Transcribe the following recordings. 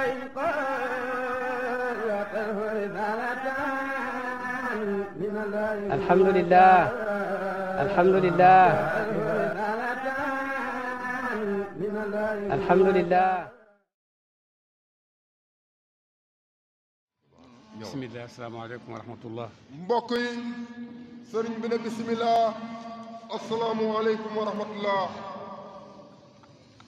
وإن الحمد لله الحمد لله الحمد لله بسم الله السلام عليكم ورحمة الله مبقي سرين بنا بسم الله السلام عليكم ورحمة الله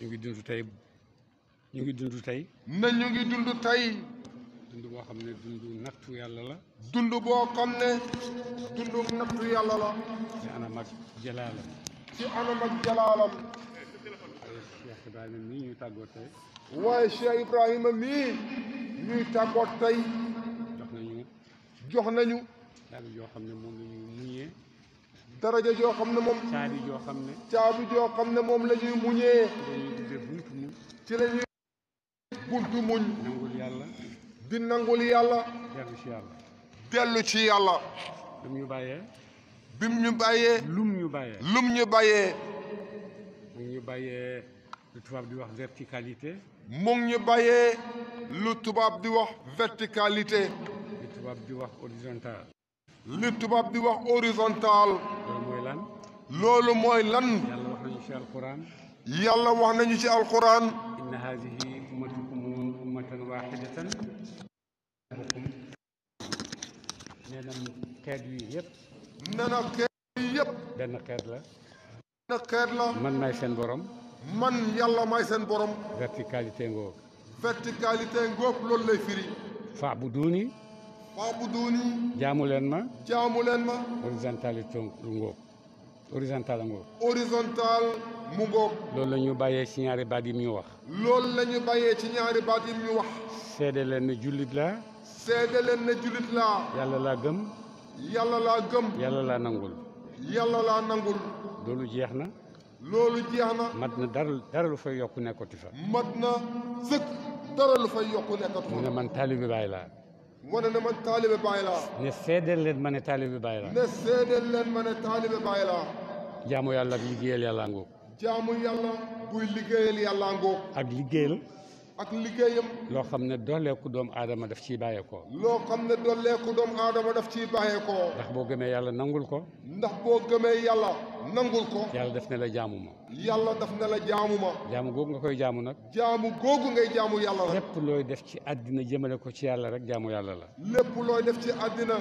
يجي دين ñu ngi dund tey. na ñu ngi dund tey. dund boo xam ne dund nattu yàlla la. dund boo xam ne dund nattu yàlla la. ci anam ak jalaalam. ci anam ak jalaalam. waaye Cheikh Ibrahima mii ñuy tàggoo tey. waaye Cheikh Ibrahima mii ñuy tàggoo tey. jox nañu. jox nañu. dara joo xam ne moom la ñuy muñee. daraja joo xam ne moom. caabi joo xam ne. caabi moom la ñuy buntu muñ. yàlla. di nangul yàlla. dellu ci yàlla. dellu ci yàlla. bim ñu bàyyee. bim ñu bàyyee. lum ñu bàyyee. lum ñu bàyyee. mu ñu bàyyee lu tubaab di wax verticalité. mu ngi ñu bàyyee lu tubaab di wax verticalité. lu tubaab di wax horizontal. tubaab di wax horizontal. loolu mooy lan. loolu mooy lan. yàlla wax nañu ci alquran. waaxidatan mukum nee na xeet yi yëpp nee na xeet yi yëpp benn xeet la benn xeet la man maay seen borom man yàlla maay seen borom verticalité ngoog verticalité ngoog loolu lay firi faa bu duuni faa bu duuni jaamu leen ma jaamu leen ma horizontalité ngoog horizontal ngoo mu ngoog loolu la ñu bàyyee ci ñaari baat yi mu ñu wax loolu la ñu bàyyee ci ñaari baat yi mu ñu wax seede leen ne jullit laa seede leen ne jullit laa yàlla laa gëm yàlla laa gëm yàlla laa nangul yàlla laa nangul loolu jeex na loolu jeex na mat na dara lu fay yokku nekkatu fa mat na sëkk dara lu fay yokku nekkatu fa mu ne man taalibe baay laa wane ne man ne seedeel leen ma ne taalibe baay laa jaamu yàlla ak liggéeyal yàlla ngoog. jaamu yàlla buy liggéeyal yàlla ngoog. ak liggéeyal. ak liggéeyam. loo xam ne dooleeku doomu aadama daf ciy bàyyeekoo. loo xam ne dooleeku doomu aadama daf ciy bàyyeekoo. ndax boo gëmee yàlla nangul ko. ndax boo gëmee yàlla nangul ko. yàlla daf la jaamu yàlla daf ne la jaamu ma. googu nga koy jaamu nag. jaamu googu ngay jaamu yàlla la. lépp looy def ci àddina jëmale ko ci yàlla rek jaamu yàlla la. def ci àddina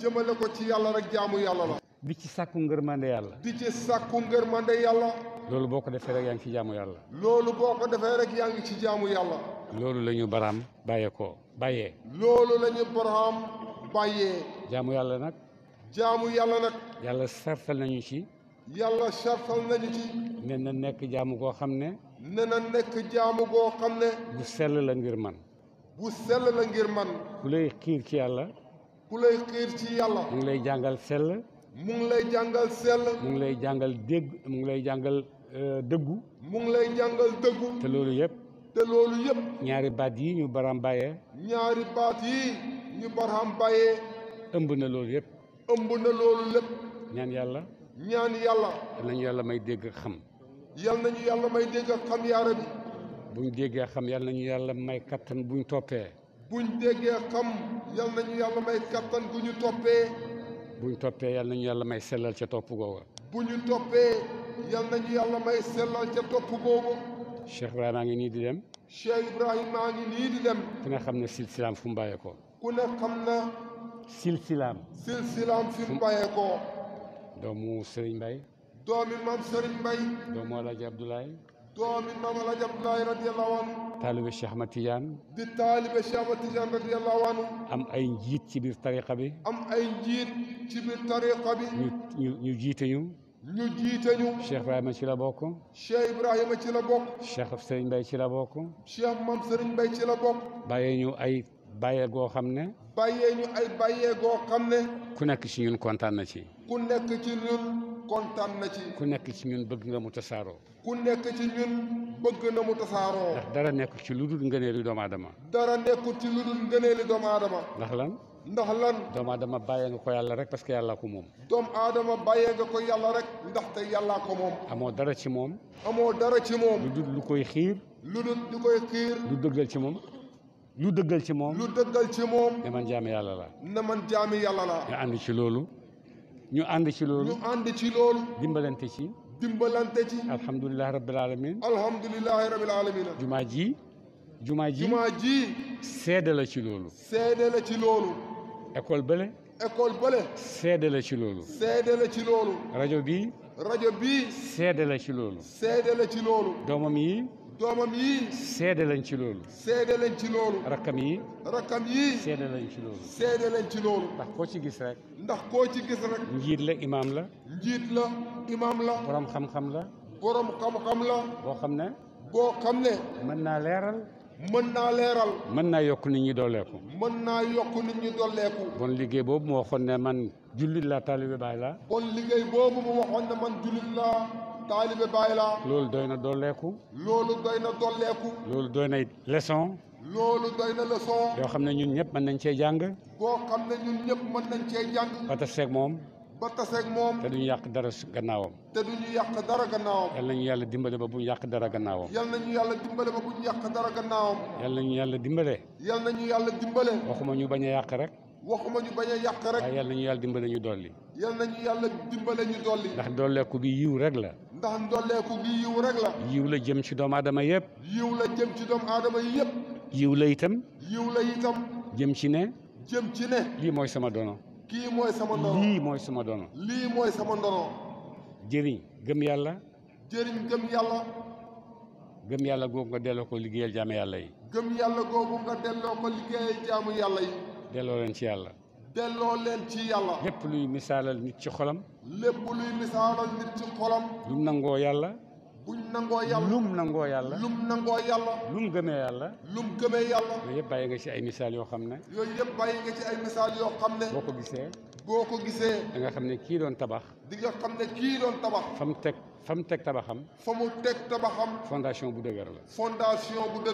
jëmale ko ci yàlla rek jaamu yàlla la. di ci sàkku ngërmande yàlla di ci sàkku ngërmande yàlla loolu boo ko defee rek yaa ci jaamu yàlla loolu boo ko defee rek yàng ci jaamu yàlla loolu la baraam bàyyee ko bàyyee loolu la ñu baraam bàyyee jaamu yàlla nag jaamu yàlla nag yàlla sartal nañu ci yàlla sartal nañu ci ne na nekk jaamu goo xam ne ne na nekk jaamu goo xam ne bu sell la ngir man bu sell la ngir man ku lay xiir ci yàlla ku lay xiir ci yàlla mu lay jàngal sell mu ngi lay jàngal sell. mu ngi lay jàngal dégg mu ngi lay jàngal euh, dëggu. mu ngi lay jàngal dëggu. te loolu yëpp. te loolu yëpp. ñaari baat yi ñu baram bàyyee. ñaari baat yi ñu baram bàyyee. ëmb na loolu yëpp. ëmb na loolu lépp. ñaan yàlla. ñaan yàlla. yal nañu yàlla may dégg xam. yal nañu yàlla may dégg xam yaa rabbi. buñ déggee xam yal nañu yàlla may kattan buñ toppee. buñ déggee xam yal nañu yàlla may kattan bu ñu toppee. bu ñu toppee yal nañu yàlla may sellal ca topp googa. bu ñu toppee yal nañu yàlla may sellal ca topp googa. Cheikh Ibrahima a ngi nii di dem. Cheikh Ibrahima a ngi nii di dem. ku ne xam ne silsilaam fu mu bàyyeekoo. ku ne na. silsilaam. silsilaam fi mu bàyyeekoo. doomu Serigne Mbaye. doomi maam Serigne Mbaye. doomu Alaaji Abdoulaye. doomi maam Alaaji Abdoulaye radiyallahu anhu. taalibe Cheikh Ahmad Tidiane. di taalibe Cheikh Ahmad Tidiane radiyallahu anhu. am ay njiit ci biir ci biir tariqa bi. ñu ñu ñu jiite ñu. ñu jiite ñu. Cheikh Ibrahima ci la bokk. Cheikh Ibrahima ci la bokk. Cheikh Serigne Mbaye ci la bokk. Cheikh Mame Serigne Mbaye ci la bokk. bàyyee ñu ay bàyyee goo xam ne. bàyyee ñu ay bàyyee goo xam ne. ku nekk ci ñun kontaan na ci. ku nekk ci ñun kontaan na ci. ku nekk ci ñun bëgg nga mu tasaaroo. ku nekk ci ñun bëgg na mu tasaaroo. ndax dara nekkul ci lu dul ngëneelu doomu aadama. dara nekkul ci lu dul ngëneelu doomu aadama. ndax lan. ndax lan doomu aadama bàyyee nga ko yàlla rek parce que yàllaa ko moom doomu aadama bàyyee nga ko yàlla rek ndaxte yàllaa ko moom amoo dara ci moom amoo dara ci moom lu dul lu koy xiir lu dul lu koy xiir lu dëggal ci moom lu dëggal ci moom lu dëggal ci moom ne man jaami yàlla la ne man jaami yàlla la ñu ànd ci loolu ñu ànd ci loolu ñu ànd ci loolu dimbalante ci dimbalante ci alhamdulilahi rabbil alamin alhamdulilahi rabbil alamin jumaa ji jumaa ji ji. seede la ci loolu. seede la ci loolu. école bële. école bële. seede la ci loolu. rajo bii. rajo bii. seede la ci loolu. ci loolu. doomam yi. doomam yi. seede lañ ci loolu. seede lañ ci yi. rakkam yi. seede lañ ci loolu. ndax koo ci gis rek. ndax ko ci gis rek. njiit la imaam la. njiit la imaam la. borom xam-xam la. borom xam-xam la. boo xam ne. boo xam mën naa leeral. mën naa leeral. mën naa yokk nit ñi dooleeku. mën naa yokk nit ñi dooleeku. bon liggéey boobu mu waxoon ne man jullit la taalibe baay laa. bon liggéey boobu mu waxoon ne man jullit laa taalibe baay laa. loolu doy na dooleeku. loolu doy na dooleeku. loolu doy na leçon. loolu doy na leçon. yoo xam ne ñun ñëpp mën nañ cee jàng. boo xam ne ñun ñëpp mën nañ cee jàng. ba moom. ba taseeg moom te duñu yàq dara gannaawam te duñu yàq dara gannaawam yal nañu yàlla dimbale ba buñu yàq dara gannaawam yal nañu yàlla dimbale ba buñu yàq dara gannaawam yal nañu yàlla dimbale yal nañu yàlla dimbale waxuma ñu bañ a yàq rek waxuma ñu bañ a yàq rek waaye yal nañu yàlla dimbale ñu dolli yal nañu yàlla dimbale ñu dolli ndax dolleeku bi yiw rek la ndax ndolleeku bi yiw rek la yiw la jëm ci doomu aadama yëpp yiw la jëm ci doomu aadama yëpp yiw la itam yiw la itam jëm ci ne jëm ci ne lii mooy sama dono kii mooy sama lii mooy sama ndono. lii mooy sama ndono. jëriñ gëm yàlla. jëriñ gëm yàlla. gëm yàlla googu nga delloo ko liggéeyal jaamu yàlla yi. gëm yàlla googu delloo yàlla yi. leen ci yàlla. delloo leen ci yàlla. lépp luy misaalal nit ci xolam. lépp luy misaalal nit ci xolam. lu nangoo yàlla. buñ nangoo yàlla lum nangoo yàlla lum nangoo yàlla lum gëmee yàlla lum gëmee yàlla yooyu yëpp bàyyi nga ci ay misaal yoo xam ne yooyu yëpp bàyyi nga ci ay misaal yoo xam ne boo ko gisee boo ko gisee danga xam ne kii doon tabax di nga xam ne kii doon tabax fa mu teg fa teg tabaxam fa mu teg tabaxam fondation bu dëgër la fondation bu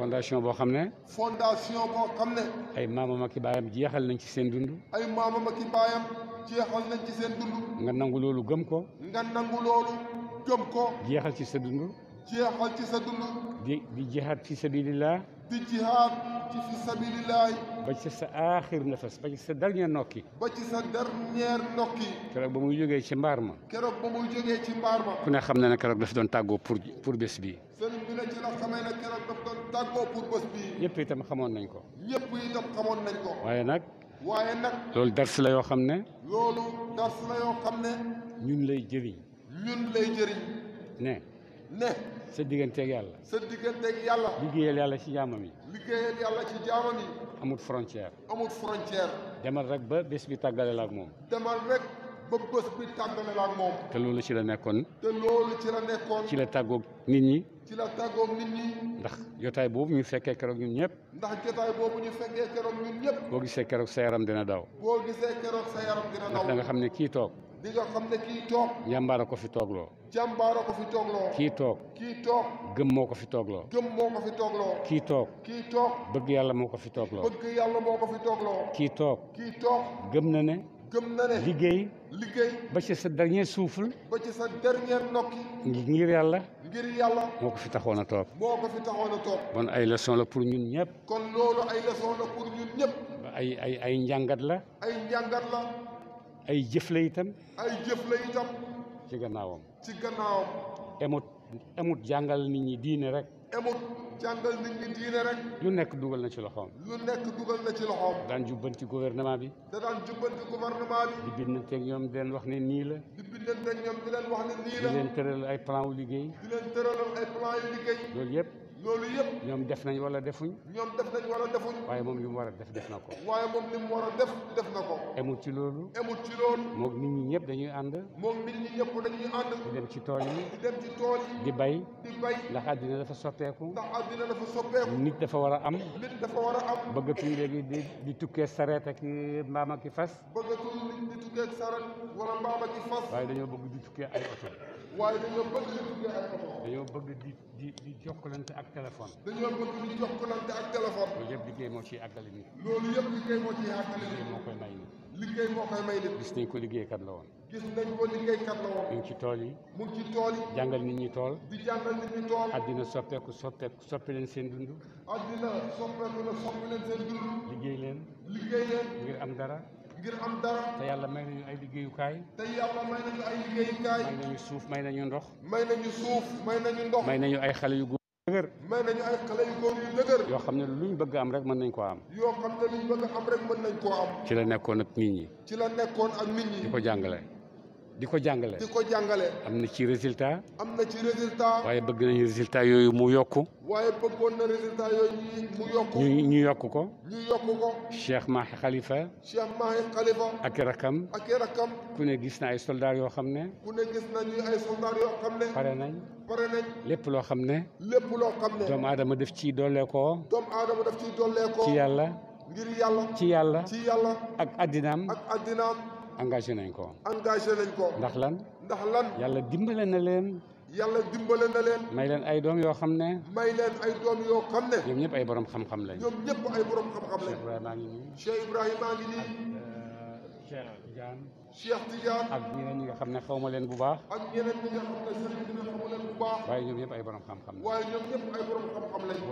fondation boo xam ne fondation boo xam ne ay maamam ak i jeexal nañ ci seen dund ay maamam ak i jeexal nañ ci seen dund nga nangu loolu gëm ko loolu gëm ko. jeexal ci sa dund. jeexal ci sa dund. di di jihaad fi sabilillah. di jihaad ci ba sa aaxir nafas ba ci sa dernier nokki. ba ci sa dernier nokki. keroog ba muy jógee ci mbaar ma. ku ne xam na ne keroog daf doon tàggoo pour pour bés bi. sëriñ bi la ci la ne keroog daf doon tàggoo pour bés bi. ñëpp itam xamoon nañ ko. ñëpp itam xamoon nañ ko. waaye nag. waaye nag. loolu dars la yoo xam ne. loolu dars la yoo xam ne. ñun lay jëriñ. ñun lay jëriñ. ne. ne. sa digganteek yàlla. sa digganteeg yàlla. liggéeyal yàlla ci jaamam yi. amut frontière. amut frontière. demal rek ba bés bi tàggale ak moom. demal rek. ba bés bi tàggale moom. te loolu ci la nekkoon. te loolu ci la nekkoon. ci la tàggoog nit ñi. ndax jotaay boobu ñu fekkee keroog ñun ñëpp. ndax jotaay boobu ñu fekkee keroog ñun ñëpp. boo gisee keroog sa yaram dina daw. boo gisee keroog sa yaram dina daw. ndax da nga xam ne kii toog. bi nga ne kii toog. jàmbaara ko fi toogloo. jàmbaara ko fi toogloo. kii toog. kii toog. gëm moo ko fi toogloo. gëm moo kii toog. bëgg yàlla moo ko fi toogloo. bëgg kii toog. gëm na ne. gëm na ne liggéey. liggéey ba ci sa dernier souffle. ba ci sa dernier nokki. ngir yàlla. ngir yàlla. moo ko fi taxoon a toog. moo ko fi taxoon toog. bon ay leçon la ñun ñëpp. kon loolu ay leçon la ñun ñëpp. ay ay ay njàngat la. ay njàngat la. ay jëf la itam. ay jëf la itam. ci gannaawam. ci gannaawam. emut emut jàngal nit ñi diine rek. emut jàngal nit ñi diine rek. lu nekk dugal na ci loxoom. lu nekk dugal na ci loxoom. daan jubbanti gouvernement bi. da daan jubbanti gouvernement bi. di bindanteeg ñoom di leen wax ne nii la. di bindanteeg ñoom di leen wax ne nii la. di leen tëralal ay plan wu liggéey. di leen tëralal ay plan yu liggéey. loolu yëpp. loolu yëpp. ñoom def nañ wala defuñ. ñoom def waaye moom li mu war a def def na ko. waaye moom li mu def def na ko. emut ci loolu. emut ci loolu. moog nit ñi ñëpp dañuy ànd. moog nit ñi ñëpp dañuy ànd. di dem ci tool yi. di bay. di bay ndax àddina dafa soppeeku. ndax àddina dafa soppeeku. nit dafa war am. nit dafa war léegi di tukkee sareet ak mbaam ak i fas. bëggatuñ mbaam ak i fas. waaye dañoo bëgg di tukkee ay oto. waaye dañoo bëgg di duggee ak téléphone. dañoo bëgg di jokkalante ak téléphone. loolu yëpp liggéey moo ciy àggale nit. loolu yëpp liggéey moo ciy àggale nit. moo koy may nit. liggéey moo koy may nit. gis nañ ko liggéeykat la woon. gis nañ ko liggéeykat la woon. mu ci tool yi. mu ci tool yi. jàngal nit ñi tool. di jàngal nit ñi tool. addina soppeeku soppeeku soppi leen seen dund. addina soppeeku la soppi leen seen dund. liggéey leen. ngir am dara. ngir am dara. te yàlla may nañu ay liggéeyukaay. te yàlla may nañu ay liggéeyukaay. may nañu suuf may nañu ndox. may nañu suuf may nañu ndox. may nañu ay xale yu góor ay xale yu góor yu dëgër. yoo xam ne luñ bëgg am rek mën nañ koo am. bëgg am rek mën nañ koo am. ci la nekkoon ak nit ñi. ci la nekkoon ak nit ñi. di ko jàngale. di ko jàngale. ko jàngale. am na ci résultat. am na ci résultat. waaye bëgg nañu résultat yooyu mu yokku. waaye bëggoon na résultat yooyu mu yokku. ñu ñu yokku ko. ñu yokku ko. Cheikh Mahi Khalifa. Cheikh Khalifa. ak rakam. ak ku ne gis na ay soldaar yoo xam ne. pare nañ. lépp loo xam ne. lépp loo xam ne. doomu aadama daf ciy dooleekoo. doomu aadama daf ciy dooleekoo. ci yàlla. ngir yàlla. ci yàlla. ak addinaam. ak addinaam. engagé nañ ko. engagé nañ ko. ndax lan. ndax lan. yàlla dimbale na leen. yàlla dimbale la leen. may leen ay doom yoo xam ne. may leen ay doom yoo xam ne. ñoom ñëpp ay borom xam-xam lañ. ñoom ñëpp ay borom xam-xam lañ. Cheikh Ibrahima a ngi euh, nga xam ne xaw ma leen bu baax. ak ñoom ñëpp ay borom xam-xam lañ. boo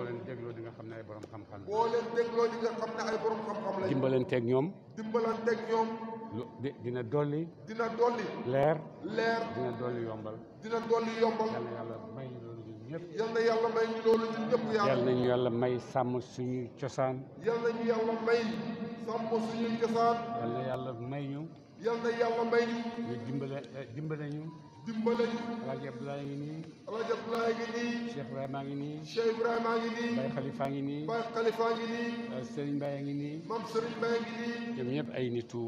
leen dégloo di nga xam ne ay borom xam-xam lañ. boo leen ñoom. dina dolli. dina dolli. leer. leer dina dolli yombal. dina dolli yombal. yal na yàlla may ñu loolu ñun ñëpp. yal na ñu loolu may sàmm suñuy cosaan. yal nañu yàlla may sàmm suñuy cosaan. yal na yàlla may ñu. yal na yàlla may ñu. ñu dimbale eh, ñu. dimbale ñu. Alaaji Abdoulaye ngi nii. Alaaji Abdoulaye ngi nii. Cheikh Ibrahima ngi nii. ngi nii. Baye Khalifa ngi nii. Baye Khalifa ngi nii. Eh, Serigne Mbaye ngi nii. ngi nii. ñoom ñëpp ay nitu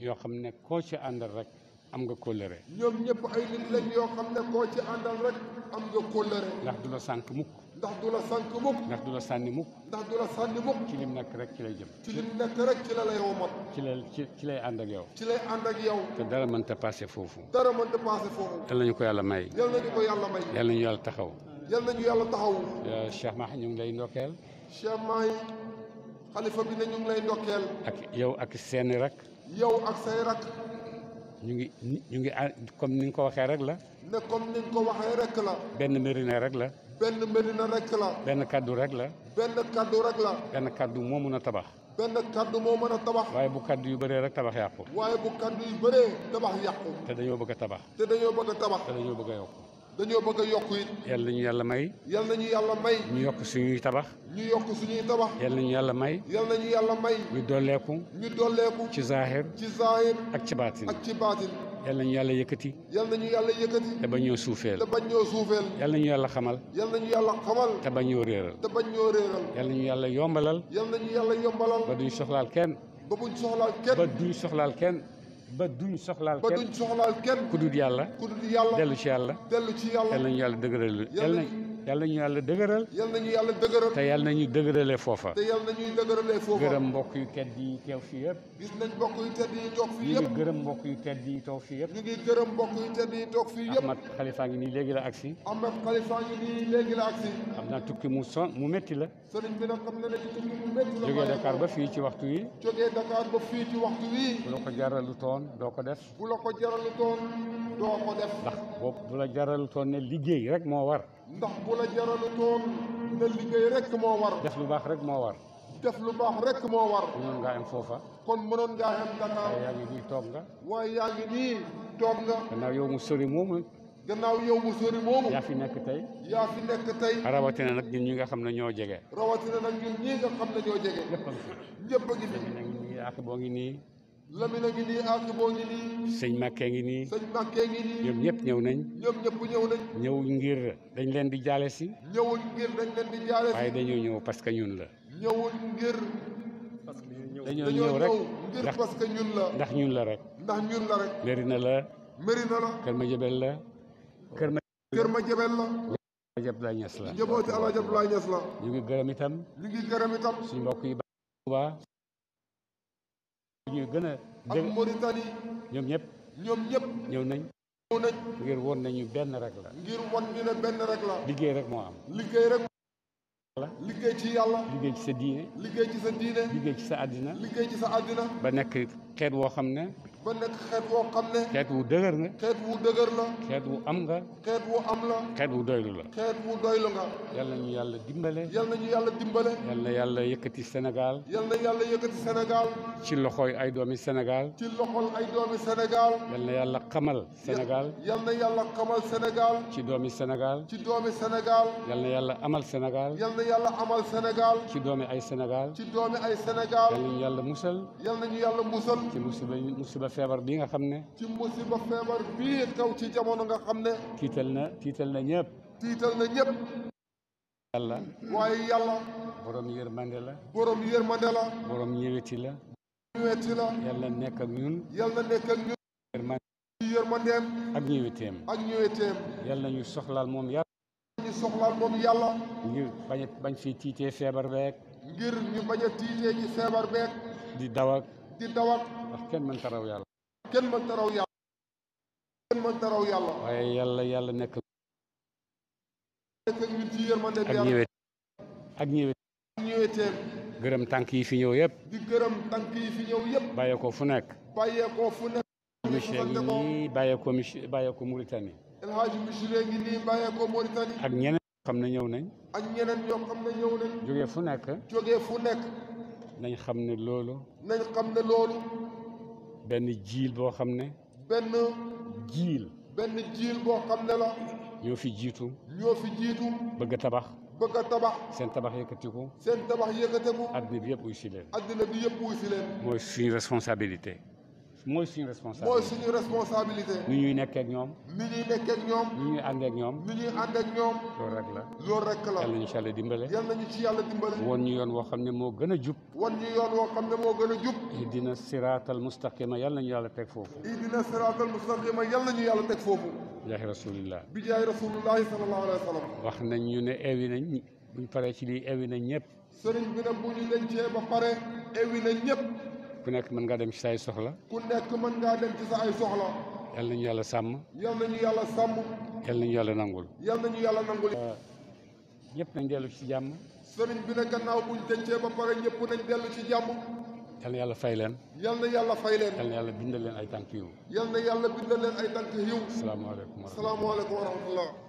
yoo xam ne koo ci àndal rek am nga kóllëre. ñoom ñëpp ay nit lañ yoo xam ne koo ci àndal rek am nga kóllëre. ndax du la sànq mukk. ndax du la sànq mukk. ndax du la sànni mukk. ndax du la sànni mukk. ci lay jëm. ci ci lay womat. ci ci lay ànd ak yow. ci lay te dara mënta passé foofu. dara mënta passé foofu. yal nañu ko yàlla may. yal nañu yàlla may. yal nañu yàlla taxaw. yal nañu yàlla ñu lay ndokkeel. Cheikh Mahi xalifa bi ne ñu lay ndokkeel. ak yow ak seeni rek yow ak say rak. ñu ngi ñu ngi a ah, ni nga ko waxee rek la. ne comme ni nga ko waxee rek la. benn Médina rek la. benn Médina rek la. benn kaddu la. benn kaddu rek la. benn kàddu moo mun a tabax. benn kàddu moo mën tabax. waaye bu kàddu yu bëree rek tabax yàqu. waaye bu kaddu yu bëree tabax yàqu. te dañoo bëgg a tabax. te dañoo bëgg a tabax. bëgg a yokk. dañoo bëgg a yokk yal na ñu yàlla may. yal na ñu yokk suñuy tabax. ñu yokk suñuy tabax. yal na ñu yàlla may. yal ñu yàlla may. ñu dolleeku. ñu dolleeku. ci zaahir. ci zaahir. ak ci baatin. ak ci baatin. yal na ñu yàlla yëkkati. yal na ñu yàlla yëkkati. te suufeel. te suufeel. yal na ñu yàlla xamal. yal na ñu réeral. te ñu yàlla yombalal. yal na ñu yàlla yombalal. ba duñ soxlaal kenn. ba duñ soxlaal kenn. ba duñ soxlaal kenn ba duñ soxlaal kenn ku dul yàlla ku dul yàlla dellu ci yàlla dellu ci yàlla yàlla nañu yàlla dëgëral yàlla yàlla nañu yàlla dëgëral. yàlla nañu yàlla dëgëral. te yàlla nañu dëgëralee foofa. nañuy dëgëralee foofa. gërëm mbokk yu tedd yi teew fii yëpp. gis nañ mbokk yu tedd yi toog fii yëpp. ñu ngi gërëm mbokk yu tedd yi toog fii yëpp. ñu ngi ngi nii léegi la agsi. Ahmad Khalifa naa tukki mu son mu métti la. sëriñ bi na ne tukki mu métti la. jógee ba fii ci waxtu wi. jógee Dakar ba fii ci waxtu wi. bu la ko jaralu toon doo ko def. bu la ko jaralu toon doo ko def ndax boo bu jaralutoon ne liggéey rek moo war ndax bu jaralutoon ne liggéey rek moo war def lu baax rek moo war def lu baax rek moo war mënoon ngaa am foofa kon mënoon ngaa am Dakar waaye toog nga waaye yaa ngi nii toog nga gannaaw yow mu sori moomu gannaaw yow mu sori moomu yaa nekk tey yaa nekk tey rawatina nag ñun ñi nga xam ne ñoo jege rawatina nag ñun ñi nga xam ne ñoo jege ñëpp a nii Lamine ngi nii Asubo ngi nii. sëñ Makke ngi nii. sëñ Makke ngi nii. ñoom ñëw nañ. ñëpp ñëw nañ. ñëw ngir dañ leen di jaale si. ñëwul ngir dañ leen jaale si. waaye dañoo ñëw parce que ñun la. ñëwul ngir. parce ñëw ñëw ngir parce ñun la. ndax ñun la rek. ndax ñun la rek. Mérina la. Mérina la. Kër Madiabel la. Kër ma. Kër la. Abdoulaye Niass la. la. ñu ngi gërëm ñu ngi gërëm itam. mbokk yi ba ñuy gën a ak Mauritanie ñoom ñëpp ñoom ñëpp ñëw nañ ñëw ngir won nañu benn rek la ngir won ñu ne benn rek la liggéey rek moo am liggéey rek liggéey ci yàlla liggéey ci sa diine liggéey ci sa diine liggéey ci sa àddina liggéey ci sa àddina ba nekk xeet woo xam ne ba nekk xeet woo xam ne. xeet wu dëgër nga. xeet wu dëgër la. xeet wu am nga. xeet wu am la. xeet wu doylu la. xeet wu doylu nga. yal na ñu yàlla dimbale. yal na ñu yàlla dimbale. yal na yàlla yëkkati Sénégal. yal na yàlla yëkkati Sénégal. ci loxoy ay doomi Sénégal. ci loxol ay doomi Sénégal. yal na yàlla xamal Sénégal. yal na yàlla xamal Sénégal. ci doomi Sénégal. ci doomi Sénégal. yal na yàlla amal Sénégal. yal na yàlla amal Sénégal. ci doomi ay Sénégal. ci doomi ay Sénégal. yal na ñu yàlla musal. yal na ñu yàlla musal. ci musiba musiba musiba feebar bi nga xam ne ci musiba feebar bii kaw ci jamono nga xam ne tiital na tiital na ñëpp tiital na ñëpp yàlla waaye yàlla borom yërmande la borom yërmande la borom ñëweti la ñëweti la nekk ak ñun yàlla nekk ak ñun yërmande yërmandeem ak ñëweteem ak yàlla ñu soxlaal moom yàlla ngir bañ fi tiitee feebar beek ngir ñu bañ a tiitee ci feebar beek di daw di dawak ndax kenn mën taraw yàlla kenn mën taraw yàlla kenn yàlla yàlla nekk nekk ak ñun ci gërëm tànk yi fi ñëw yëpp di gërëm tànk yi fi ñëw yëpp bàyyeekoo fu nekk bàyyeekoo fu nekk monsieur ngi bàyyeekoo monsieur bàyyeekoo Mauritanie El Hadj Bichiré ngi nii bàyyeekoo Mauritanie ak ak ñeneen ñoo xam ne ñëw nañ jógee fu nekk jógee fu nekk nañ xam ne loolu. nañ xam ne loolu. benn jiil boo xam ne. benn. jiil. benn jiil boo xam ne la. ñoo fi jiitu. ñoo jiitu. bëgg tabax. bëgg a tabax. seen tabax yëkkatiku. seen tabax yëkkatiku. addina bi yëpp wuy si leen. addina bi yëpp wuy si leen. mooy suñu responsabilité. mooy suñu responsabilité mooy ñuy nekkee ñoom. ni ñuy nekkee ñoom. ni ñuy àndee ñoom. loolu rek la. loolu rek la yal nañu ci yàlla dimbale. yal ñu yoon woo xam ne moo gën a jub. won ñu yoon woo xam ne moo gën a jub. ihdina siraatal mustaqima yal nañu yàlla teg foofu. ihdina siraatal mustaqima yal nañu yàlla teg foofu. bijaahi rasulillah. bijaahi rasulillah sallallahu wa sallam. wax nañ ñu ne ewi nañ buñ paree ci lii ewi nañ ñëpp. sëriñ bi nag bu ñu lencee ba pare ewi nañ ku nekk mën ngaa dem ci sa ay soxla. ku nekk mën ngaa dem ci sa ay soxla. yal nañu yàlla sàmm. yal nañu yàlla yàlla nangul. yal nañu euh, dellu ci jàmm. sëriñ bi ne gannaaw buñ dencee ba pare ñëpp nañ dellu ci jàmm. yal na yàlla fay leen. yal na yàlla fay leen. yal na yàlla bindal ay tànk yiw. yal na yàlla bindal leen ay